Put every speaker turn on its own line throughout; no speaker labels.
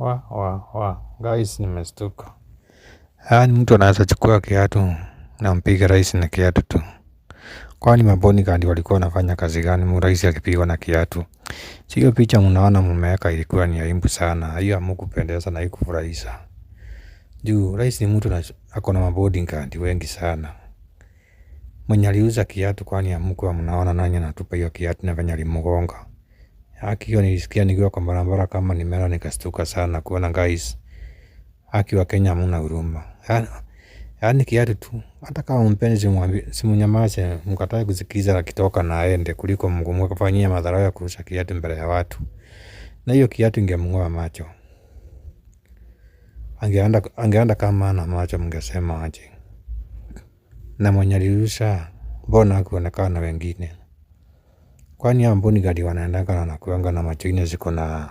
wa wa wa guys, nimestuka. Yaani mtu anaweza chukua kiatu nampiga rais na kiatu tu. Kwani mabodyguard walikuwa wanafanya kazi gani? Mrais akipigwa na kiatu. Hiyo picha mnaona mmeweka ilikuwa ni aibu sana, hiyo hamukupendeza na haikufurahisha. Juu rais ni mtu ako na mabodyguard wengi sana. Mwenye aliuza kiatu, kwani hamkuwa mnaona nanyi anatupa hiyo kiatu na venye alimgonga Haki hiyo nilisikia nikiwa kwa barabara, kama nimeenda nikastuka sana kuona guys, haki wa Kenya hamna huruma. Yaani, yaani kiatu tu, hata kama mpenzi mwambie, simnyamaze, mkatae kusikiza akitoka na aende, kuliko mkafanyia madharau ya kurusha kiatu mbele ya watu, na hiyo kiatu ingemng'oa macho. angeanda angeanda kama na macho, mngesema aje? Na mwenye alirusha mbona hakuonekana na wengine? Kwani hao mbuni gali wanaendanga wanakuanga na macho nne ziko na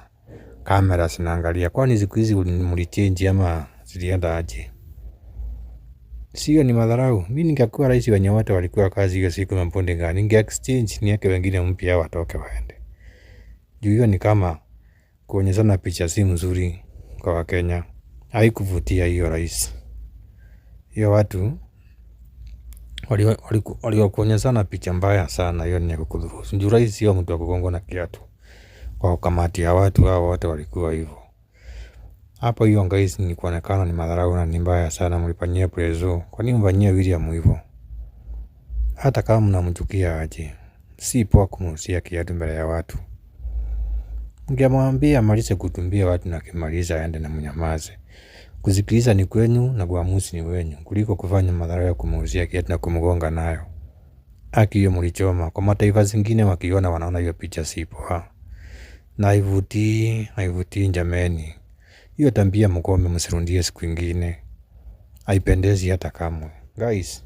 kamera zinaangalia. Kwani siku hizi mlichange ama zilienda aje? Sio ni madharau. Mimi ningekuwa rais wenye wote walikuwa kazi hiyo siku na mbuni gani, ninge exchange niweke wengine mpya watoke waende. Juu hiyo ni kama kuonyeshana picha si mzuri kwa Wakenya. Haikuvutia hiyo rais. Hiyo watu Waliokuonyeshana picha mbaya sana, hiyo ni ya kukudhurusu. Njurai hiyo, mtu akugongwa na kiatu kwa kamati ya watu hao wote walikuwa hivyo hapo. Hiyo guys, ni kuonekana ni madharau na ni mbaya sana. Mlifanyia prezo, kwa nini mfanyia William hivyo? Hata kama mnamchukia aje, si poa kumuhusia kiatu mbele ya watu. Mngemwambia amalize kutumbia watu na kimaliza aende na mnyamaze. Kuzikiliza ni kwenu na uamuzi ni wenyu kuliko kufanya madhara ya kumuuzia kiatu na kumgonga nayo. Haki hiyo mulichoma Kwa mataifa zingine wakiona wanaona hiyo picha si poa. Na haivutii, haivutii jameni. Hiyo tambia mkome msirundie siku ingine. Haipendezi hata kamwe. Guys,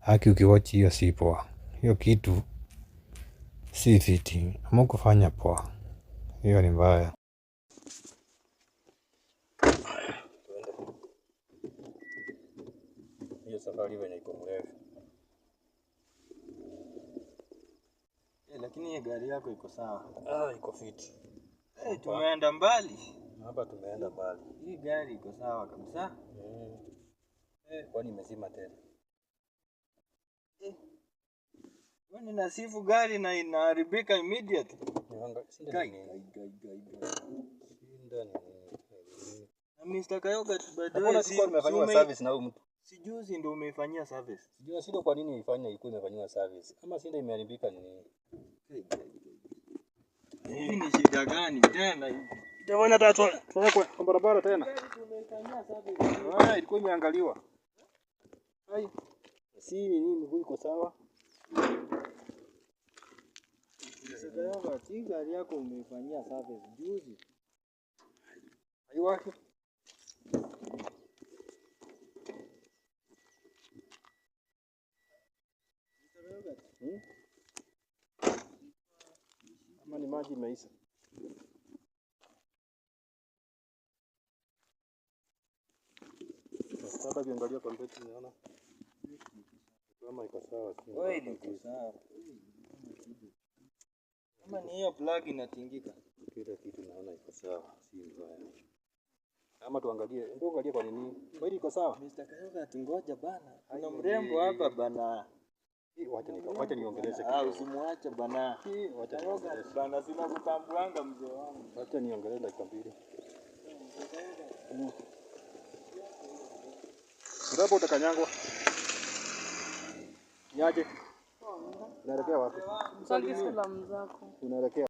haki ukiwatch hiyo si poa. Hiyo kitu si fiti. Hamkufanya poa. Hiyo ni mbaya. safari venye iko mrefu. Eh, lakini hii gari yako iko sawa. Ah, iko fiti. Eh, tumeenda mbali. Hapa tumeenda mbali. Hii gari iko sawa kabisa. Eh. Eh, kwani imezima tena? Kwani eh. nasifu gari na inaharibika immediate. Na Mr. Kayoga by the way, si umefanyiwa service na huyu mtu. Sijuzi ndio umeifanyia service. Sijui sido kwa nini ifanya ikuwe imefanyiwa service. Ama sinda imeharibika ni nini? Hii ni shida gani tena hii? Itaona hata tuwekwe kwa barabara tena. Ah, ilikuwa imeangaliwa. Hai. Si ni nini huyu iko sawa? Sasa yako tiga
yako umeifanyia service juzi. Haiwaki. ni maji imeisha. Sasa kiangalia kompeti niona kama iko sawa. Wewe iko sawa. Kama ni hiyo plug inatingika. Kila kitu naona iko sawa, si mbaya. Ama tuangalie, ndio angalie kwa nini. Kwa hiyo iko sawa. Mr. Kayoga tungoja bana. Kuna mrembo hapa bana. Wacha niongeleze kidogo. Usimwache bana. Wacha Bana sina kutambuanga mzee wangu. Wacha niongeleze dakika mbili. utakanyangwa. Niaje? wapi? salamu zako. Unaelekea